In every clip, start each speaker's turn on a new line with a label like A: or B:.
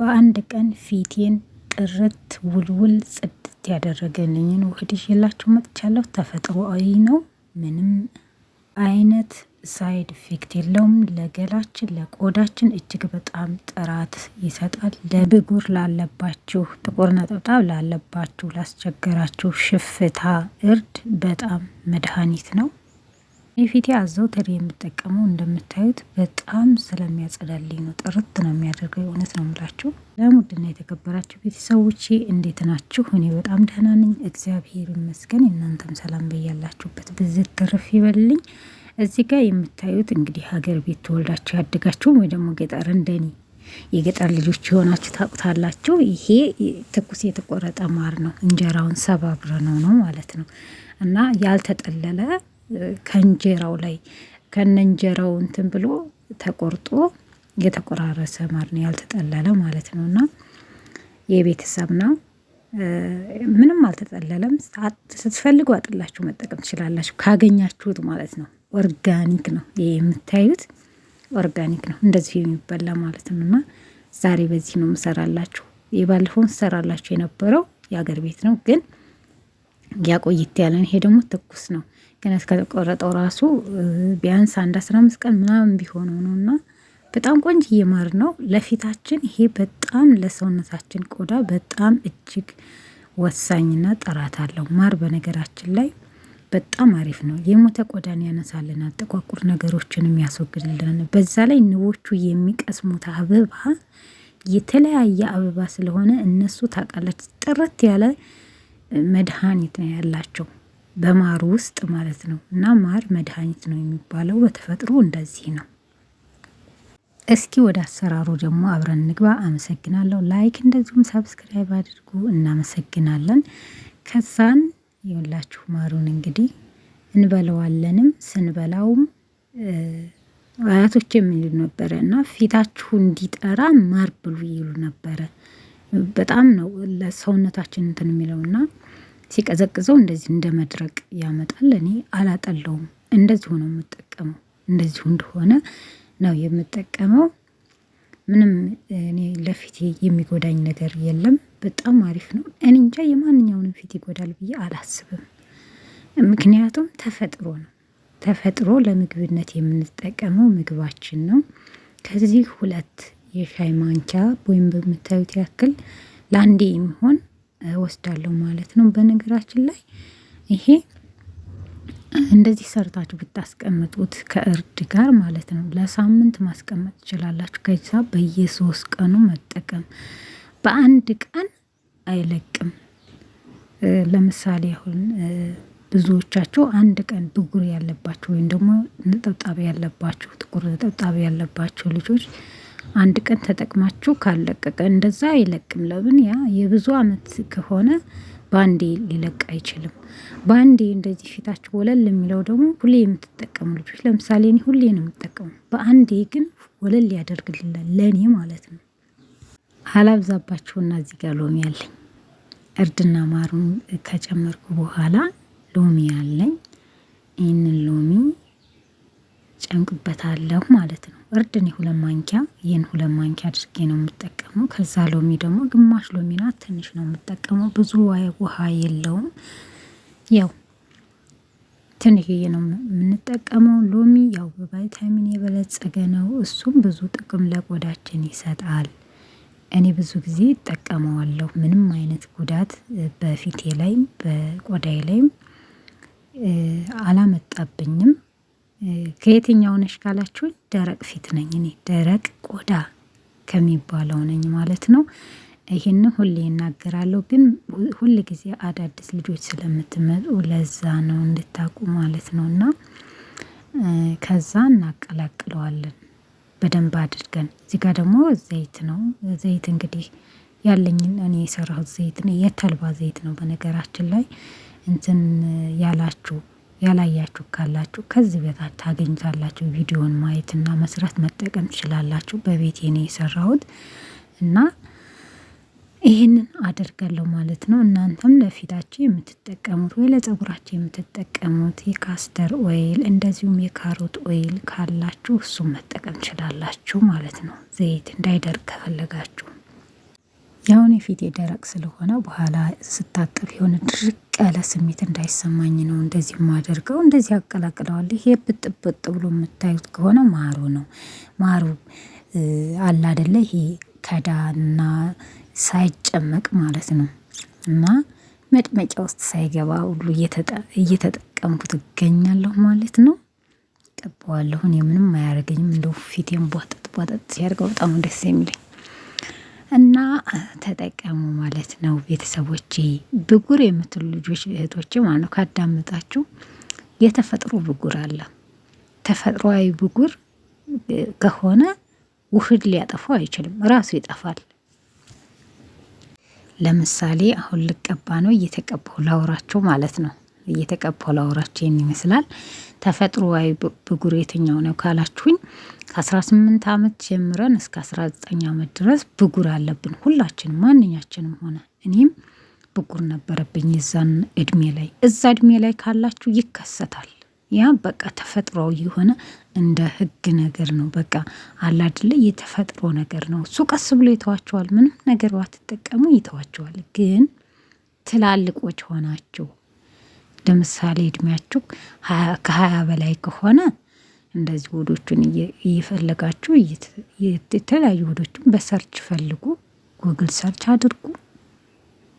A: በአንድ ቀን ፊቴን ጥርት ውልውል ጽድት ያደረገልኝን ውህድ ይዤላችሁ መጥቻለሁ። ተፈጥሮአዊ ነው። ምንም አይነት ሳይድ ኢፌክት የለውም። ለገላችን ለቆዳችን እጅግ በጣም ጥራት ይሰጣል። ለብጉር ላለባችሁ፣ ጥቁር ነጠብጣብ ላለባችሁ፣ ላስቸገራችሁ፣ ሽፍታ፣ እርድ በጣም መድኃኒት ነው። የፊቴ ተሪ የምጠቀመው እንደምታዩት በጣም ስለሚያጸዳልኝ ነው። ጥርት ነው የሚያደርገው። የእውነት ነው የምላችሁ። ለሙድና የተከበራችሁ ቤተሰቦቼ እንዴት ናችሁ? እኔ በጣም ደህና ነኝ፣ እግዚአብሔር ይመስገን። እናንተም ሰላም በያላችሁበት ብዝት ትርፍ ይበልልኝ። እዚህ ጋር የምታዩት እንግዲህ ሀገር ቤት ተወልዳችሁ ያደጋችሁም ወይ ደግሞ ገጠር እንደኔ የገጠር ልጆች የሆናችሁ ታውቁታላችሁ። ይሄ ትኩስ የተቆረጠ ማር ነው። እንጀራውን ሰባብረ ነው ነው ማለት ነው እና ያልተጠለለ ከእንጀራው ላይ ከነ እንጀራው እንትን ብሎ ተቆርጦ የተቆራረሰ ማር ነው ያልተጠለለ ማለት ነው። እና የቤተሰብ ነው ምንም አልተጠለለም። ስትፈልጉ አጥላችሁ መጠቀም ትችላላችሁ፣ ካገኛችሁት ማለት ነው። ኦርጋኒክ ነው ይህ የምታዩት ኦርጋኒክ ነው፣ እንደዚህ የሚበላ ማለት ነው። እና ዛሬ በዚህ ነው ምሰራላችሁ። የባለፈውን ሰራላችሁ የነበረው የአገር ቤት ነው ግን ያቆይት ያለን ይሄ ደግሞ ትኩስ ነው። ግን እስከተቆረጠው ራሱ ቢያንስ አንድ አስራ አምስት ቀን ምናምን ቢሆነው ነው እና በጣም ቆንጅዬ እየማር ነው ለፊታችን። ይሄ በጣም ለሰውነታችን ቆዳ በጣም እጅግ ወሳኝና ጥራት አለው ማር። በነገራችን ላይ በጣም አሪፍ ነው። የሞተ ቆዳን ያነሳልናል፣ ጥቋቁር ነገሮችንም ያስወግድልናል። በዛ ላይ ንቦቹ የሚቀስሙት አበባ የተለያየ አበባ ስለሆነ እነሱ ታውቃለች ጥርት ያለ መድኃኒት ነው ያላቸው በማር ውስጥ ማለት ነው። እና ማር መድኃኒት ነው የሚባለው በተፈጥሮ እንደዚህ ነው። እስኪ ወደ አሰራሩ ደግሞ አብረን እንግባ። አመሰግናለሁ። ላይክ እንደዚሁም ሰብስክራይብ አድርጉ። እናመሰግናለን። ከዛን የወላችሁ ማሩን እንግዲህ እንበለዋለንም ስንበላውም አያቶች የሚሉ ነበረ እና ፊታችሁ እንዲጠራ ማር ብሉ ይሉ ነበረ። በጣም ነው ለሰውነታችን እንትን የሚለውና ሲቀዘቅዘው እንደዚህ እንደ መድረቅ ያመጣል። እኔ አላጠለውም፣ እንደዚሁ ነው የምጠቀመው። እንደዚሁ እንደሆነ ነው የምጠቀመው። ምንም እኔ ለፊቴ የሚጎዳኝ ነገር የለም። በጣም አሪፍ ነው። እኔ እንጃ የማንኛውንም ፊት ይጎዳል ብዬ አላስብም። ምክንያቱም ተፈጥሮ ነው። ተፈጥሮ ለምግብነት የምንጠቀመው ምግባችን ነው። ከዚህ ሁለት የሻይ ማንኪያ ወይም በምታዩት ያክል ለአንዴ የሚሆን ወስዳለሁ ማለት ነው። በነገራችን ላይ ይሄ እንደዚህ ሰርታችሁ ብታስቀምጡት ከእርድ ጋር ማለት ነው ለሳምንት ማስቀመጥ ትችላላችሁ። ከዛ በየሶስት ቀኑ መጠቀም በአንድ ቀን አይለቅም። ለምሳሌ አሁን ብዙዎቻቸው አንድ ቀን ብጉር ያለባቸው ወይም ደግሞ ነጠብጣቢ ያለባቸው ጥቁር ነጠብጣቢ ያለባቸው ልጆች አንድ ቀን ተጠቅማችሁ ካለቀቀ እንደዛ አይለቅም። ለምን ያ የብዙ አመት ከሆነ ባንዴ ሊለቅ አይችልም። ባንዴ እንደዚህ ፊታችሁ ወለል የሚለው ደግሞ ሁሌ የምትጠቀሙ ልጆች፣ ለምሳሌ እኔ ሁሌ ነው የምጠቀሙ። በአንዴ ግን ወለል ያደርግልላል ለእኔ ማለት ነው። አላብዛባችሁና እዚህ ጋር ሎሚ አለኝ። እርድና ማሩን ከጨመርኩ በኋላ ሎሚ አለኝ። ይህንን ሎሚ ጨምቅበታለሁ ማለት ነው። እርድን እኔ ሁለት ማንኪያ ይህን ሁለት ማንኪያ አድርጌ ነው የምጠቀመው። ከዛ ሎሚ ደግሞ ግማሽ ሎሚ ናት፣ ትንሽ ነው የምጠቀመው። ብዙ ውሃ የለውም። ያው ትንሽዬ ነው የምንጠቀመው። ሎሚ ያው በቫይታሚን የበለጸገ ነው። እሱም ብዙ ጥቅም ለቆዳችን ይሰጣል። እኔ ብዙ ጊዜ እጠቀመዋለሁ። ምንም አይነት ጉዳት በፊቴ ላይም በቆዳዬ ላይም አላመጣብኝም። ከየትኛው ነሽ ካላችሁ ደረቅ ፊት ነኝ እኔ። ደረቅ ቆዳ ከሚባለው ነኝ ማለት ነው። ይህንን ሁሌ እናገራለሁ፣ ግን ሁል ጊዜ አዳዲስ ልጆች ስለምትመጡ ለዛ ነው እንድታቁ ማለት ነው። እና ከዛ እናቀላቅለዋለን በደንብ አድርገን። እዚህ ጋር ደግሞ ዘይት ነው። ዘይት እንግዲህ ያለኝን እኔ የሰራሁት ዘይት ነው። የተልባ ዘይት ነው በነገራችን ላይ እንትን ያላችሁ ያላያችሁ ካላችሁ ከዚህ በታች ታገኝታላችሁ። ቪዲዮን ማየትና መስራት መጠቀም ትችላላችሁ። በቤት የኔ የሰራሁት እና ይህንን አደርጋለሁ ማለት ነው። እናንተም ለፊታችሁ የምትጠቀሙት ወይ ለጸጉራችሁ የምትጠቀሙት የካስተር ኦይል እንደዚሁም የካሮት ኦይል ካላችሁ እሱ መጠቀም ትችላላችሁ ማለት ነው። ዘይት እንዳይደርግ ከፈለጋችሁ ያሁን የፊቴ ደረቅ ስለሆነ በኋላ ስታጠብ የሆነ ድርቅ ያለ ስሜት እንዳይሰማኝ ነው እንደዚህ ማደርገው። እንደዚህ ያቀላቅለዋል። ይሄ ብጥብጥ ብሎ የምታዩት ከሆነ ማሩ ነው። ማሩ አለ አደለ? ይሄ ከዳና ሳይጨመቅ ማለት ነው እና መጥመቂያ ውስጥ ሳይገባ ሁሉ እየተጠቀምኩት እገኛለሁ ማለት ነው። ቀባዋለሁ። እኔ ምንም አያደርገኝም። እንደው ፊቴን ቧጠጥ ቧጠጥ ሲያደርገው በጣም ደስ የሚለኝ እና ተጠቀሙ ማለት ነው ቤተሰቦቼ። ብጉር የምትሉ ልጆች እህቶች ማለት ነው ካዳመጣችሁ፣ የተፈጥሮ ብጉር አለ። ተፈጥሯዊ ብጉር ከሆነ ውህድ ሊያጠፋው አይችልም፣ ራሱ ይጠፋል። ለምሳሌ አሁን ልቀባ ነው፣ እየተቀባው ላውራቸው ማለት ነው እየተቀበሉ አውራችን ይመስላል። ተፈጥሮአዊ ብጉር የትኛው ነው ካላችሁኝ ከ18 ዓመት ጀምረን እስከ 19 ዓመት ድረስ ብጉር አለብን ሁላችንም፣ ማንኛችንም ሆነ እኔም ብጉር ነበረብኝ የዛን እድሜ ላይ። እዛ እድሜ ላይ ካላችሁ ይከሰታል። ያ በቃ ተፈጥሯዊ የሆነ እንደ ህግ ነገር ነው። በቃ አላድለ የተፈጥሮ ነገር ነው። እሱ ቀስ ብሎ ይተዋቸዋል። ምንም ነገር ባትጠቀሙ ይተዋቸዋል። ግን ትላልቆች ሆናችሁ ለምሳሌ እድሜያችሁ ከሀያ በላይ ከሆነ እንደዚህ ውዶቹን እየፈለጋችሁ የተለያዩ ውዶችን በሰርች ፈልጉ፣ ጉግል ሰርች አድርጉ።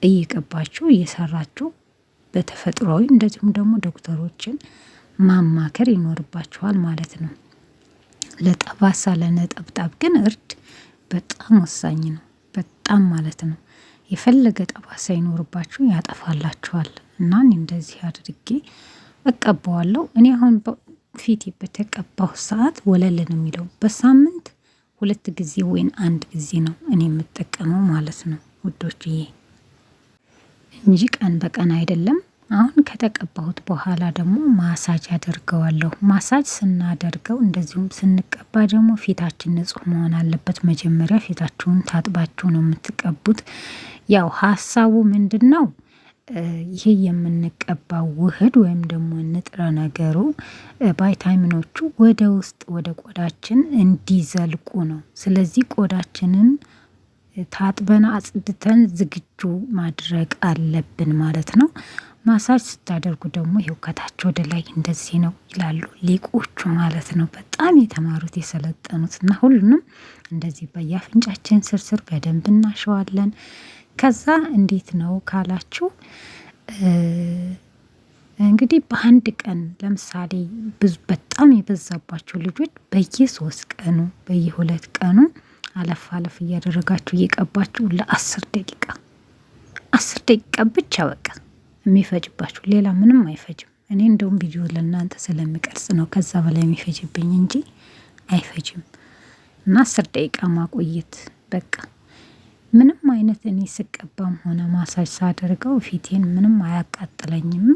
A: እየቀባችሁ እየሰራችሁ በተፈጥሯዊ እንደዚሁም ደግሞ ዶክተሮችን ማማከር ይኖርባችኋል ማለት ነው። ለጠባሳ ለነጠብጣብ ግን እርድ በጣም ወሳኝ ነው። በጣም ማለት ነው። የፈለገ ጠባሳ ይኖርባችሁ ያጠፋላችኋል። እና እንደዚህ አድርጌ እቀባዋለሁ። እኔ አሁን ፊቴ በተቀባሁ ሰዓት ወለል ነው የሚለው። በሳምንት ሁለት ጊዜ ወይም አንድ ጊዜ ነው እኔ የምጠቀመው ማለት ነው ውዶችዬ፣ እንጂ ቀን በቀን አይደለም። አሁን ከተቀባሁት በኋላ ደግሞ ማሳጅ አደርገዋለሁ። ማሳጅ ስናደርገው እንደዚሁም ስንቀባ ደግሞ ፊታችን ንጹህ መሆን አለበት። መጀመሪያ ፊታችሁን ታጥባችሁ ነው የምትቀቡት። ያው ሀሳቡ ምንድን ነው? ይሄ የምንቀባው ውህድ ወይም ደግሞ ንጥረ ነገሩ ቫይታሚኖቹ ወደ ውስጥ ወደ ቆዳችን እንዲዘልቁ ነው። ስለዚህ ቆዳችንን ታጥበን አጽድተን ዝግጁ ማድረግ አለብን ማለት ነው። ማሳጅ ስታደርጉ ደግሞ ይኸው ከታች ወደ ላይ እንደዚህ ነው ይላሉ ሊቆቹ ማለት ነው። በጣም የተማሩት የሰለጠኑት እና ሁሉንም እንደዚህ በየአፍንጫችን ስርስር በደንብ እናሸዋለን። ከዛ እንዴት ነው ካላችሁ እንግዲህ በአንድ ቀን ለምሳሌ በጣም የበዛባቸው ልጆች በየሶስት ቀኑ በየሁለት ቀኑ አለፍ አለፍ እያደረጋችሁ እየቀባችሁ ለአስር ደቂቃ አስር ደቂቃ ብቻ በቃ የሚፈጅባችሁ ሌላ ምንም አይፈጅም። እኔ እንደውም ቪዲዮ ለእናንተ ስለምቀርጽ ነው ከዛ በላይ የሚፈጅብኝ እንጂ አይፈጅም። እና አስር ደቂቃ ማቆየት በቃ አይነት እኔ ስቀባም ሆነ ማሳጅ ሳደርገው ፊቴን ምንም አያቃጥለኝም፣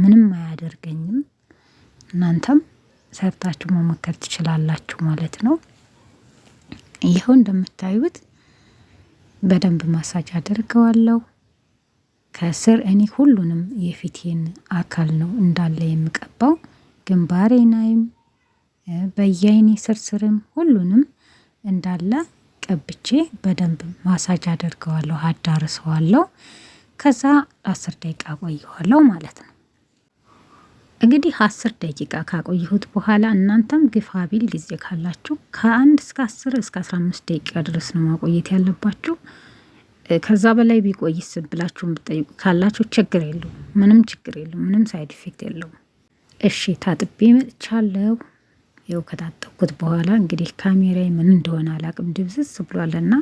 A: ምንም አያደርገኝም። እናንተም ሰርታችሁ መሞከር ትችላላችሁ ማለት ነው። ይኸው እንደምታዩት በደንብ ማሳጅ አደርገዋለሁ። ከስር እኔ ሁሉንም የፊቴን አካል ነው እንዳለ የምቀባው፣ ግንባሬናይም አይም በየአይኔ ስርስርም ሁሉንም እንዳለ ቀብቼ በደንብ ማሳጅ አደርገዋለሁ አዳርሰዋለሁ። ከዛ አስር ደቂቃ አቆየዋለሁ ማለት ነው። እንግዲህ አስር ደቂቃ ካቆየሁት በኋላ እናንተም ግፋ ቢል ጊዜ ካላችሁ ከአንድ እስከ አስር እስከ አስራ አምስት ደቂቃ ድረስ ነው ማቆየት ያለባችሁ። ከዛ በላይ ቢቆይስ ብላችሁ ብጠይቁ ካላችሁ ችግር የለውም፣ ምንም ችግር የለውም፣ ምንም ሳይድ ኢፌክት የለውም። እሺ ታጥቤ መጥቻለሁ። ያው ከታጠብኩት በኋላ እንግዲህ ካሜራዬ ምን እንደሆነ አላቅም ድብዝዝ ብሏልና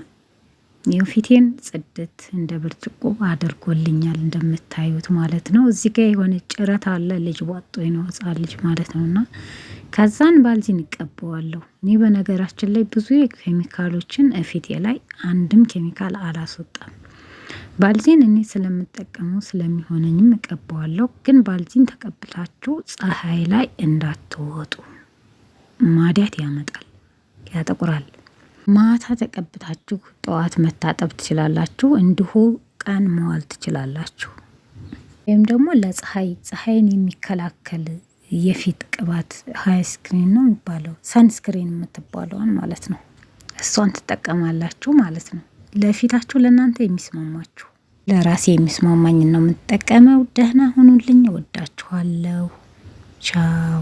A: ይኸው ፊቴን ጽድት እንደ ብርጭቆ አድርጎልኛል እንደምታዩት ማለት ነው። እዚህ ጋር የሆነ ጭረት አለ። ልጅ ዋጦ ነው ሕፃን ልጅ ማለት ነው። እና ከዛን ባልዚን ይቀበዋለሁ። እኔ በነገራችን ላይ ብዙ ኬሚካሎችን ፊቴ ላይ አንድም ኬሚካል አላስወጣም። ባልዚን እኔ ስለምጠቀመው ስለሚሆነኝም እቀበዋለሁ። ግን ባልዚን ተቀብታችሁ ፀሐይ ላይ እንዳትወጡ ማዲያት ያመጣል፣ ያጠቁራል። ማታ ተቀብታችሁ ጠዋት መታጠብ ትችላላችሁ። እንዲሁ ቀን መዋል ትችላላችሁ። ወይም ደግሞ ለፀሐይ ፀሐይን የሚከላከል የፊት ቅባት ሀይ ስክሪን ነው የሚባለው ሰንስክሪን የምትባለዋን ማለት ነው። እሷን ትጠቀማላችሁ ማለት ነው። ለፊታችሁ ለእናንተ የሚስማማችሁ ለራሴ የሚስማማኝ ነው የምትጠቀመው። ደህና ሁኑልኝ። ወዳችኋለሁ። ቻው